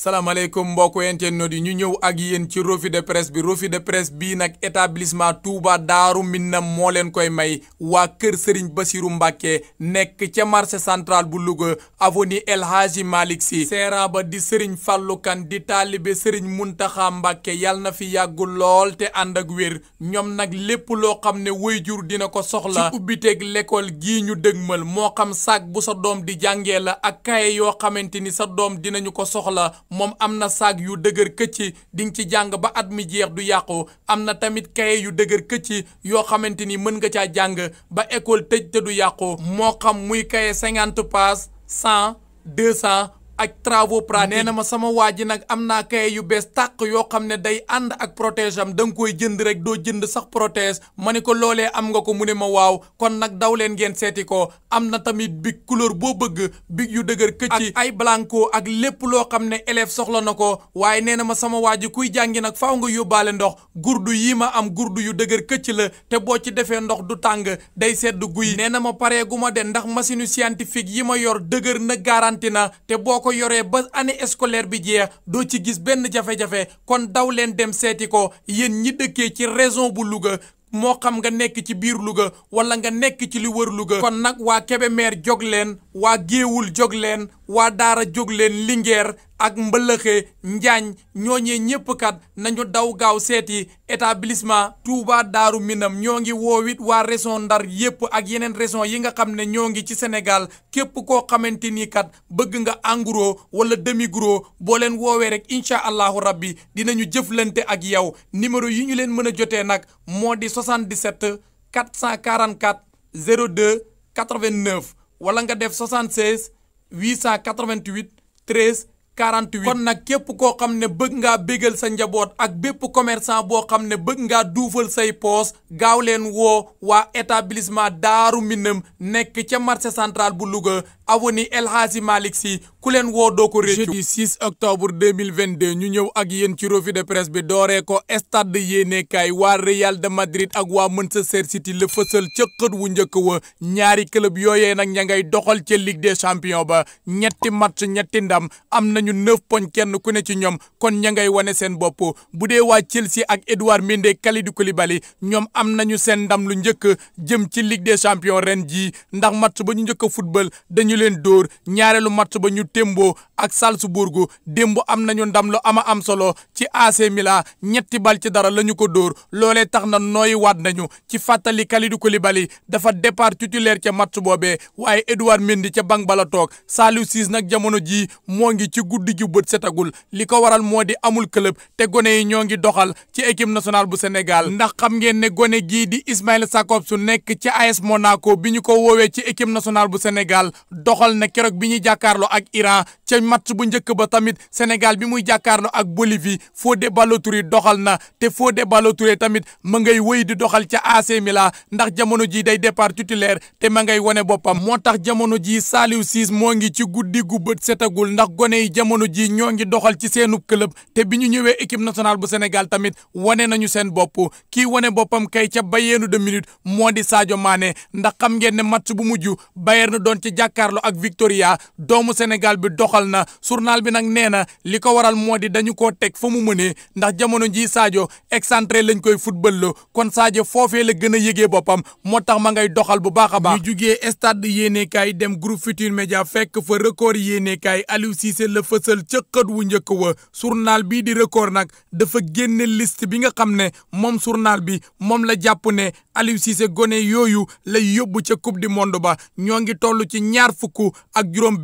salaamaaleykum mbokku internet yi ñu ñëw ak yéen ci revue de presse bi revue de presse bii nag établissement Touba Daaru Minam moo leen koy may waa kër Serigne Bassirou Mbacké nekk ca marché centrale bu Louga avenue El Hadji Malick Sy ba di Serigne Fallou Kane di taalibe Serigne Mountakha Mbacké yal na fi yàgg lool te ànd ak wér ñoom nag lépp loo xam ne waajur dina ko soxla ci ubbiteeg l'école gii ñu dëgmal moo xam sac bu sa doom di jàngee la ak kaye yoo xamante ni sa doom dinañu ko soxla moom am na saag yu dëgër këcc di nga ci jàng ba at mi jeex du yàqu am na tamit kaye yu dëgër këcc yoo xamante ni mën nga caa jàng ba école tëj te du yàqu moo xam muy kaye cinquante pages cent deux cent ak travaux pratiques nee na ma sama waa ji nag am naa kaye yu bees tàq yoo xam ne day ànd ak protège am da koy jënd rek doo jënd sax protège ma ne ko loolee am nga ko mu ne ma waaw kon nag daw leen ngeen seeti ko am na tamit big couleur boo bëgg big yu dëgër këcc ay blanco ak lépp loo xam ne élève soxla na ko waaye nee na ma sama waaj ji kuy jàngi nag faw nga yóbbaale ndox gurdu yi ma am gurdu yu dëgër këcc la te boo ci defee ndox du tàng day sedd guy nee na ma paree gu ndax machine scientifique yi ma yor dëgër na garanti na te boo ko ko yoree ba année scolaire bi jeex doo ci gis benn jafe-jafe kon daw leen dem seeti ko yéen ñi dëkkee ci région bu Louga moo xam nga nekk ci biir Louga wala nga nekk ci li wër Louga. kon nag waa Kébémer jóg leen waa Géewul jóg leen waa Daara jóg leen Linguère ak mbëlëxe njaañ ñooñee ñépp kat nañu daw gaaw seeti établissement Touba Daaru Minam ñoo ngi woowit waa région Ndar yépp ak yeneen région yi nga xam ne ñoo ngi ci Sénégal képp koo xamante ni kat bëgg nga en gros wala demi gros boo leen woowee rek incha allahu rabbi dinañu jëflante ak yow numéro yi ñu leen mën a jotee nag moo di 77 444 02 89 wala nga def 76 888 13 48 kon nag képp koo xam ne bëgg ngaa bégal sa njaboot ak bépp commerçant boo xam ne bëgg ngaa duufal say poos gaaw leen woo waa établissement Daaru Minam nekk ca marché central bu Louga avenue El Hadji Malick Sy ku leen woo doo ko réccu jeudi 6 octobre 2022 ñu ñëw ak yéen ci rovi de presse bi dooree ko stade de yéenekaay waa Real de Madrid ak waa Manchester City la fësal ca xët wu njëkk wa ñaari club yooyee nag ña ngay doxal ca Ligue des champion ba ñetti match ñetti ndam am nañu nañu neuf poñ kenn ku ne ci ñoom kon ña ngay wane seen bopp bu dee waa Chelsea ak Edouard Mendy Kalidou Koulibaly ñoom am nañu seen ndam lu njëkk jëm ci Ligue des champions ren jii ndax match ba ñu njëkk a football dañu leen dóor ñaareelu match ba ñu témboo ak Salzburg démb am nañu ndam lu ama am solo ci AC Milan ñetti bal ci dara lañu ko dóor loole tax na nooyi waat nañu ci fàttali Kalidou Koulibaly dafa départ titulaire ca match boobee waaye Edouard Mendy ca banc bala toog Saliou Ciss nag jamono jii moo ngi ci guddi ju bët setagul li ko waral moo di amul club te gone yi ñoo ngi doxal ci équipe nationale bu Sénégal ndax xam ngeen ne gone gii di Ismaïla Jakobs su nekk ci AS Monaco bi ñu ko woowee ci équipe nationale bu Sénégal doxal na keroog bi ñu jàkkaarloo ak Iran match bu njëkk ba tamit Sénégal bi muy jàkkaarloo ak Bolivie foo ballo doxal na te foo ballo tamit ma ngay wéy di doxal ca AC Milan ndax jamono ji day départ titulaire te ma ngay wane boppam moo tax jamono ji Saliou Ciss moo ngi ci guddi gu bët setagul ndax gone yi jamono ji ñoo ngi doxal ci seenu club te bi ñu ñëwee équipe nationale bu Sénégal tamit wane nañu seen bopp kii wane boppam kay ca Bayern de Munich moo di Sadio maane ndax xam ngeen ne match bu mujj Bayern doon ci jàkkaarloo ak Victoria doomu Sénégal bi doxal na na journal bi nag nee na li ko waral moo di dañu koo teg fa mu mënee ndax jamono ji Sadio excentré lañ koy football kon saajo foofee la gën a yëgee boppam moo tax ma ngay doxal bu baax a baax. ñu jugee stade yéenekaay dem groupe Futurs Médias fekk fa record yéenekaay Aliou Cissé la fësal ca xët wu njëkk wa journal bii di record nag dafa génne liste bi nga xam ne moom journal bi moom la jàpp ne Aliou Cissé gone yooyu la yóbbu ca coupe di monde ba ñoo ngi toll ci ñaar fukk ak juróom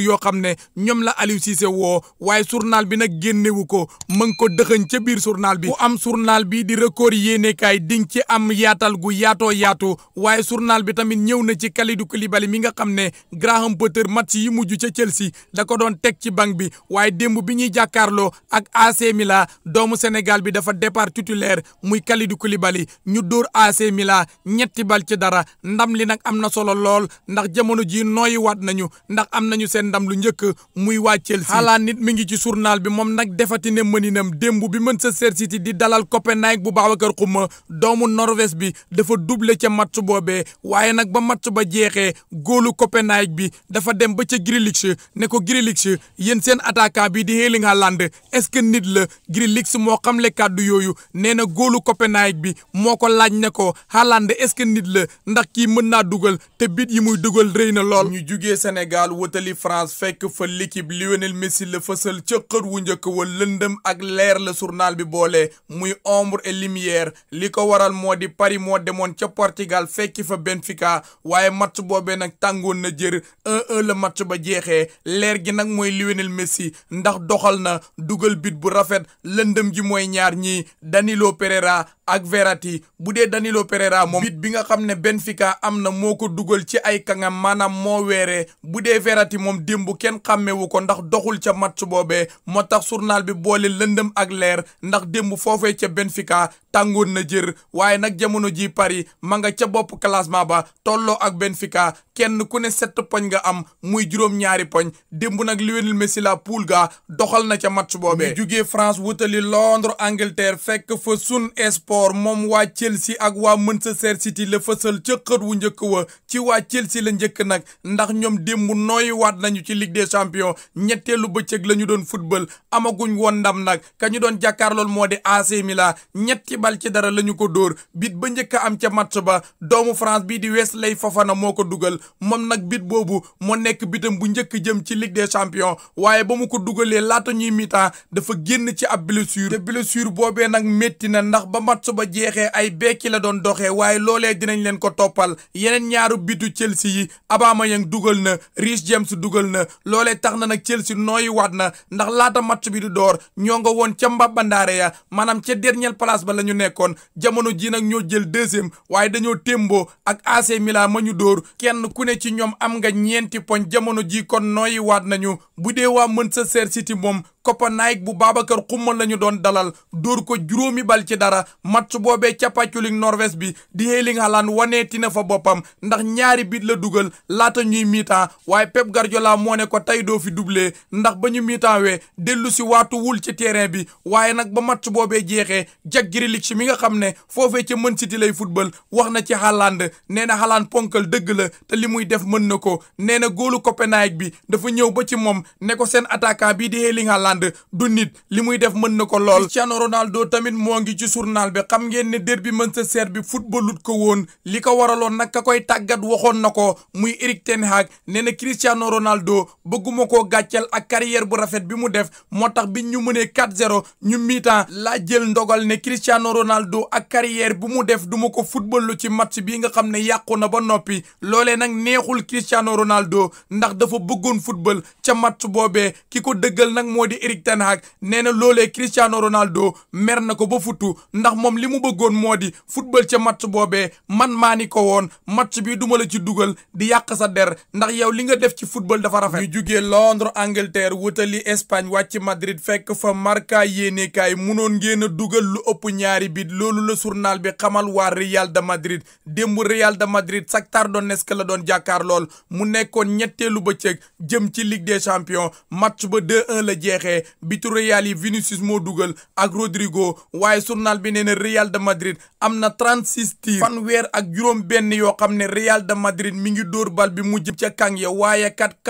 góor yoo xam ne ñoom la Aliou Cissé woo waaye journal bi nag génnewu ko mën ko dëxëñ ca biir journal bi ku am journal bi di record yéenekaay ding ci am yaatal gu yaatoo yaatu waaye journal bi tamit ñëw na ci Kalidou Koulibaly mi nga xam ne Graham Potter match yi mujj ca Chelsea da ko doon teg ci banc bi waaye démb bi ñuy jàkkaarloo ak AC Milan doomu Sénégal bi dafa départ titulaire muy Kalidou Koulibaly ñu dóor AC Milan ñetti bal ci dara ndam li nag am na lool seen ndam lu njëkk muy waa Chelsea xalaa nit mi ngi ci journal bi moom nag defati ne mëninam démb bi Manchester City di dalal Copenhague bu Babacar Xuma doomu Norvège bi dafa duble ca match boobee waaye nag ba match ba jeexee góolu Copenhague bi dafa dem ba ca Grealish ne ko Grealish yéen seen attaquant bi di Erling Haaland est-ce que nit la Grealish moo xamle kàddu yooyu nee na góolu Copenhague bi moo ko laaj ne ko Haaland est-ce que nit la ndax kii mën naa dugal France fekk fa l'équipe Lionel Messi la fësal ca xët wu njëkk wa lëndëm ak leer la journal bi boole muy ombre et lumière li ko waral moo di Paris moo demoon ca Portugal fekki fa Benfica waaye match boobe nag tàngoon na jër 1-1 la match ba jeexee leer gi nag mooy Lionel Messi ndax doxal na dugal bit bu rafet lëndëm ji mooy ñaar ñii Danilo Pereira ak Verratti bu dee Danilo Pereira moom bit bi nga xam ne Benfica am na moo ko dugal ci ay kangam maanaam moo moom démb kenn xàmmewu ko ndax doxul ca match boobee moo tax journal bi boole lëndëm ak leer ndax démb foofee ca Benfica tàngoon na jër waaye nag jamono ji Paris ma nga ca bopp classement ba tolloo ak Benfica kenn ku ne set poñ nga am muy juróom-ñaari poñ démb nag Lionel si la poule ga doxal na ca match boobee. jugee France wutali Londres Angleterre fekk fa Sun Sport moom waa Chelsea ak waa Manchester City la fësal ca xët wu njëkk wa ci waa Chelsea la njëkk nag ndax ñoom démb nooy nañu ci Ligue des champions ñetteelu bëccëg la ñu doon football amaguñ woon ndam nag ka ñu doon jàkkaarlool moo di AC Milan ñetti bal ci dara la ñu ko dóor bit ba njëkk am ca match ba doomu France bii di Wesley Fofana moo ko dugal moom nag bit boobu moo nekk bitam bu njëkk jëm ci Ligue des champions waaye ba mu ko dugalee laata ñuy mi dafa génn ci ab blessure te blessure boobee nag métti na ndax ba match ba jeexee ay bekki la doon doxee waaye loolee dinañ leen ko toppal yeneen ñaaru bitu Chelsea yi Aubameyang dugal na Reece James dugal dugal na loolee tax na nag Chelsea nooyi waat na ndax laata match bi di door ñoo nga woon ca mbabbandaare ya maanaam ca dernière place ba la ñu nekkoon jamono ji nag ñoo jël deuxième waaye dañoo témboo ak AC Milan ma ñu dóor kenn ku ne ci ñoom am nga ñeenti poñ jamono ji kon nooyi waat nañu bu dee waa mën Manchester siti moom Copenhague bu Babacar Xuma la ñu doon dalal dóor ko juróomi bal ci dara match boobee cappaculig Norvège bi di Erling Haaland waneeti na fa boppam ndax ñaari bit la dugal laata ñuy mi Silla moo ne ko tey doo fi doublé ndax ba ñu mi dellu si waatu wul ci terrain bi waaye nag ba match boobee jeexee Jack ci mi nga xam ne foofee ci mën City lay football wax na ci Haaland nee na Haaland ponkal dëgg la te li muy def mën na ko nee na góolu Copenhague bi dafa ñëw ba ci moom ne ko seen attaquant bii di Erling Haaland du nit li muy def mën na ko lool. Cristiano Ronaldo tamit moo ngi ci surnal bi xam ngeen ne derby Manchester bi footballut ko woon li ko waraloon nag ka koy tàggat waxoon na ko muy Erik ten Hag nee na Cristiano do bëgguma koo gàcceel ak carrière bu rafet bi mu def moo tax bi ñu mënee 4-0 ñu mi-temps jël ndogal ne Cristiano Ronaldo ak carrière bu mu def duma ko football ci match bii nga xam ne yàqu na ba noppi loolee nag neexul Cristiano Ronaldo ndax dafa bëggoon football ca match boobee ki ko dëggal nag moo di Erik ten Hag nee na loolee Cristiano Ronaldo mer na ko ba futu ndax moom li mu bëggoon moo di football ca match boobee man maa ni ko woon match bi duma la ci dugal di yàq sa der ndax yow li nga def ci football dafa rafet ñu jugee Londres Angleterre wutali Espagne wàcc Madrid fekk fa Marca yéenekaay munoon ngeen a dugal lu ëpp ñaari bit loolu la journal bi xamal waa Real de Madrid démb Real de Madrid Shakhtar Donetsk la doon jàkkaar lool mu nekkoon ñetteelu ba bëccëg jëm ci Ligue des champions match ba 2-1 la jeexee bitu Real yi Vinicius moo dugal ak Rodrigo waaye journal bi nee na Real de Madrid am na 36 tirs fanweer ak juróom benn yoo xam ne Real de Madrid mi ngi dóor bal bi mu ca kàng ya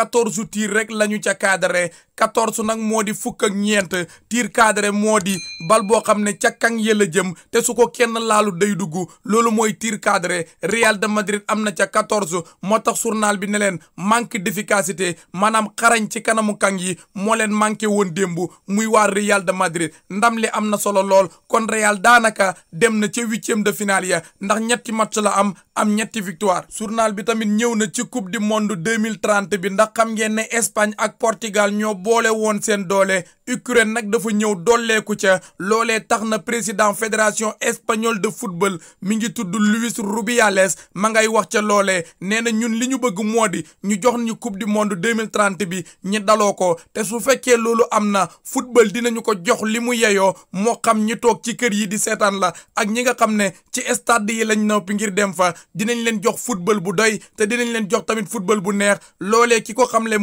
quatorze tirs rek la ñu ca kadare quatorze nag moo di fukk ak ñeent tir cadré moo di bal boo xam ne ca kaŋ yëla jëm te su ko kenn laalu day dugg loolu mooy tir cadré Real de Madrid am na ca quatorze moo tax journal bi ne leen manque d'efficacité maanaam xarañ ci kanamu kaŋ yi moo leen manqué woon démb muy waa Real de Madrid ndam li am na solo lool kon Real daanaka dem na ca huitième de finale ya ndax ñetti match la am am ñetti victoire surnal bi tamit ñëw na ci coupe du monde 2030 bi ndax xam ngeen ne Espagne ak portigal ñoo boole woon seen doole Ukraine nag dafa ñëw dolleeku ca loolee tax na président fédération espagnole de football mi ngi tudd Luis Rubiales ma ngay wax ca loolee nee na ñun li ñu bëgg moo di ñu jox ñu coupe du monde 2030 bi ñi daloo ko te su fekkee loolu am na football dinañu ko jox li mu yeyoo moo xam ñi toog ci kër yi di seetaan la ak ñi nga xam ne ci stade yi lañ noppi ngir dem fa dinañ leen jox football bu doy te dinañ leen jox tamit football bu neex loolee ki ko xamle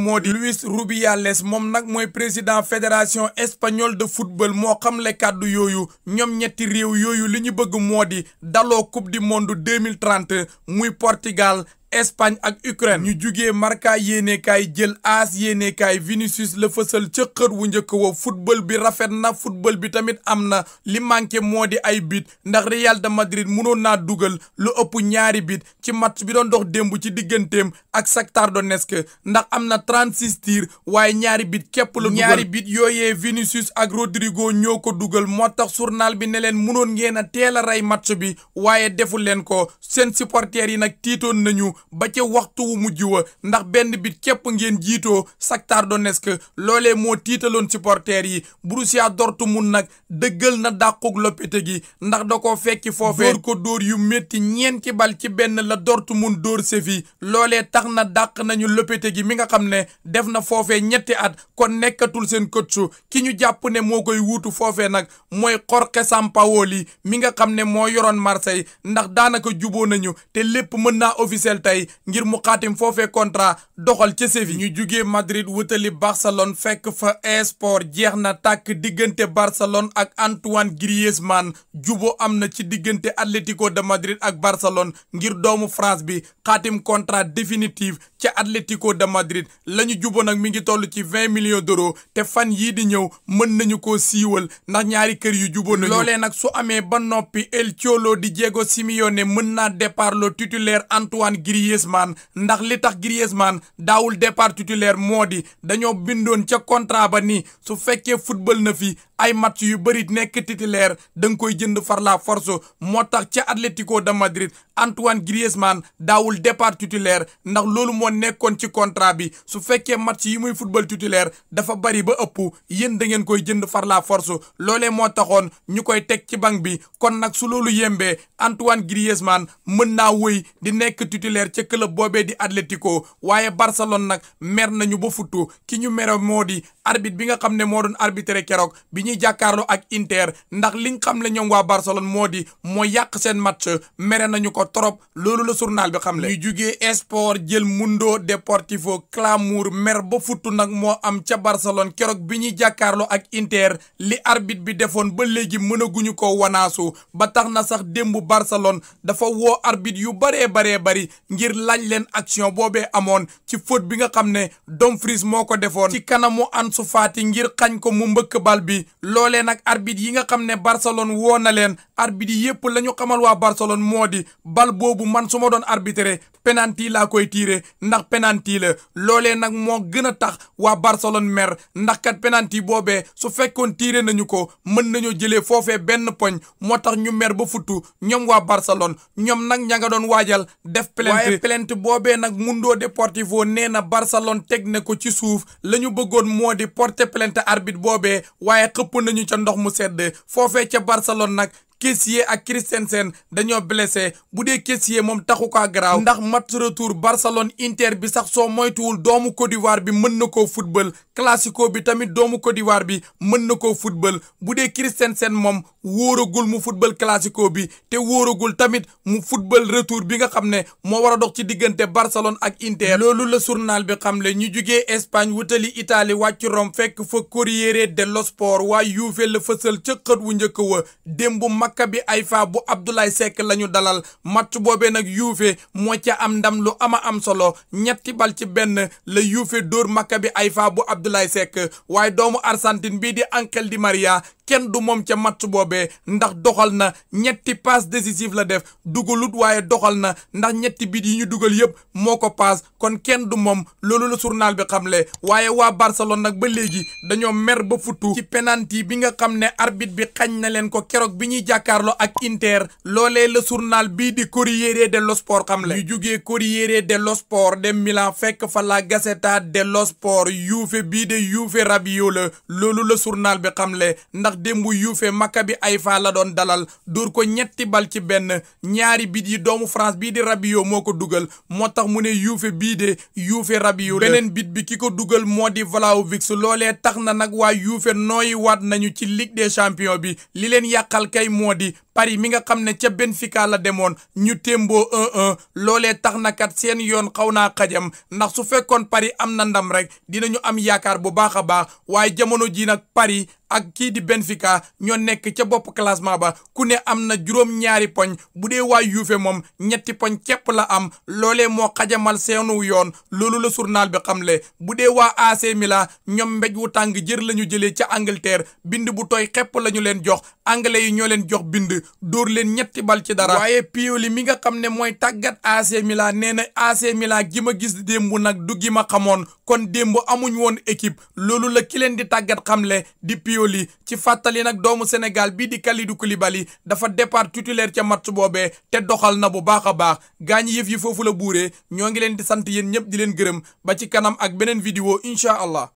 moom nag mooy président fédération fédération espagnole de football moo xam xamle kàddu yooyu ñoom ñetti réew yooyu li ñu bëgg moo di daloo coupe du monde deux mille trente muy portigal Espagne ak Ukraine ñu jugee marka yéenekaay jël AS yéenekaay Vinicius la fësal cëqër wu njëkk wa football bi rafet na football bi tamit am na li manqué moo di ay bit ndax Real de Madrid mënoon naa dugal lu ëpp ñaari bit ci match bi doon dox démb ci digganteem ak Shakhtar Donetsk ndax am na 36 tirs waaye ñaari bit képp lu dugal ñaari bit yooyee Vinicius ak Rodrigo ñoo ko dugal moo tax journal bi ne leen mënoon ngeen a teel a rey match bi waaye defu leen ko seen supporters yi nag tiitoon nañu ba ca waxtu wu mujj wa ndax benn bit képp ngeen jiitoo Shakhtar Donetsk loolee moo tiitaloon supporters yi dortu mun nag dëggal na dàqug gi ndax da ko fekki foofee dóor ko dóor yu métti ñeenti bal ci benn la mun dóor Séville loole tax na dàq nañu gi mi nga xam ne def na foofee ñetti at kon nekkatul seen coach ki ñu jàpp ne moo koy wuutu foofee nag mooy xor Jorge Sampaoli mi nga xam ne moo yoroon Marseille ndax daanaka juboo nañu te lépp mën naa officiel tey ngir mu xaatim foofee contrat doxal ca Séville ñu jugee Madrid wutali Barcelone fekk fa esport jeex na tàkk diggante Barcelone ak Antoine Griezmann jubo am na ci diggante Atlético de Madrid ak Barcelone ngir doomu France bi xaatim contrat définitif ca Atlético de Madrid la ñu jubo nag mi ngi toll ci vingt millions d'euros te fan yii di ñëw mën nañu ko siiwal ndax ñaari kër yu jubo nañu loolee nag su amee ba noppi El Cholo di Diego Simeone mën naa départ Griezmann ndax li tax Griezmann daawul départ titulaire moo di dañoo bindoon ca contrat ba ni su fekkee football na fi ay match yu bëri nekk titulaire da nga koy jënd far la force moo tax ca Atlético de Madrid Antoine Griezmann daawul départ titulaire ndax loolu moo nekkoon ci contrat bi su fekkee match yi muy football titulaire dafa bari ba ëpp yéen da ngeen koy jënd far la force loolee moo taxoon ñu koy teg ci banc bi kon nag su loolu yembee Antoine Griezmann mën naa wëy di nekk titulaire ca club boobee di Atlético waaye Barcelone nag mer nañu ba futtu ki ñu mere moo di arbitre bi nga xam ne moo doon arbitré keroog bi ñuy jàkkaarloo ak Inter ndax liñ xam le ñoom waa Barcelone moo di moo yàq seen match mere nañu ko trop loolu la journal bi xam le ñu jugee Esport jël Mundo Deportivo Clamour mer ba futtu nag moo am ca Barcelone keroog bi ñuy jàkkaarloo ak Inter li arbitre bi defoon ba léegi mënaguñu ko wanaasu ba tax na sax démb Barcelone dafa woo arbitre yu baree baree bari ngir laaj leen action boobee amoon ci faute bi nga xam ne Dumfries moo ko defoon ci kanamu Ansu Fati ngir xañ ko mu mbëkk bal bi loolee nag arbitre yi nga xam ne Barcelone woo na leen arbitre yi yëpp la ñu xamal waa Barcelone moo di bal boobu man suma ma doon arbitré penalty laa koy tiire ndax penalty la loolee nag moo gën a tax waa Barcelone mer ndax kat penalty boobee su fekkoon tiire nañu ko mën nañoo jëlee foofee benn poñ moo tax ñu mer ba futtu ñoom waa Barcelone ñoom nag ña nga doon waajal def plainte waaye boobee nag Mundo Deportivo nee na Barcelone teg na ko ci suuf la ñu bëggoon moo di porter plainte arbitre boobee ëpp nañu ca ndox mu sedd foofee ca Barcelone nag Kessié ak Christensen dañoo blessé bu dee Kessié moom taxu kaa garaaw ndax mat retour Barcelone Inter bi sax soo moytuwul doomu Côte d'Ivoire bi mën na koo football classico bi tamit doomu Côte d'Ivoire bi mën na koo football bu dee Christensen moom wóoragul mu football classico bi te wóoragul tamit mu football retour bi nga xam ne moo war a dox ci diggante Barcelone ak Inter. loolu la journal bi xam le ñu jugee Espagne wutali itali wàcc Rome fekk fa Corriere dello Sport waa Juve la fësal ca wu njëkk wa démb Maccabi Haifa bu Abdoulaye Seck la ñu dalal match boobee nag Juve moo ca am ndam lu ama am solo ñetti bal ci benn la Juve dóor ay Haifa bu Abdoulaye Seck waaye doomu Argentine bii di Ángel Di maria kenn du moom ca match boobee ndax doxal na ñetti passe décisive la def dugalut waaye doxal na ndax ñetti bit yi ñu dugal yëpp moo ko paas kon kenn du moom loolu la journal bi xamle waaye waa Barcelone nag ba léegi dañoo mer ba futtu ci penalty bi nga xam ne arbitre bi xañ na leen ko keroog bi ñuy jàkkaarloo ak Inter loolee la surnal bii di Corriere dello Sport xamle ñu jugee Corriere dello Sport dem Milan fekk fa la Gazzetta dello Sport Juve bii de Juve Rabiot la loolu la journal bi xamle ndax ndax démb bi ay Haifa la doon dalal dóor ko ñetti bal ci benn ñaari bit yi doomu France bii di Rabiot moo ko dugal moo tax mu ne yuufe bii de yuufe Rabiot beneen bit bi ki ko dugal moo di Vlahovic loolee tax na nag waa yuufe nooyi waat nañu ci Ligue des Champions bi li leen yàqal kay moo di Paris mi nga xam ne ca Benfica la demoon ñu témboo 1-1 loolee tax na kat seen yoon xaw naa xajam ndax su fekkoon Paris am na ndam rek dinañu am yaakaar bu baax a baax waaye jamono ji nag Paris ak kii di Benfica ñoo nekk ca bopp classement ba ku ne am na juróom-ñaari poñ bu dee waa Juve moom ñetti poñ cepp la am loole moo xajamal seenu yoon loolu la journal bi xamle bu dee waa AC Milan ñoom mbéj wu tàng jër la ñu jëlee ca Angleterre bind bu tooy xepp la ñu leen jox anglais yi ñoo leen jox bind dóor leen ñetti bal ci dara. waaye Pioli mi nga xam ne mooy tàggat AC milla nee na AC milla gi ma gis démb nag du gi ma xamoon kon démb amuñ woon équipe loolu la ki leen di tàggat xamle di Pioli Sampaoli ci fàttali nag doomu Sénégal bii di Kalidou Koulibaly dafa départ titulaire ca match boobee te doxal na bu baax a baax gaañ yëf yi foofu la buuree ñoo ngi leen di sant yéen ñëpp di leen gërëm ba ci kanam ak beneen vidéo incha allah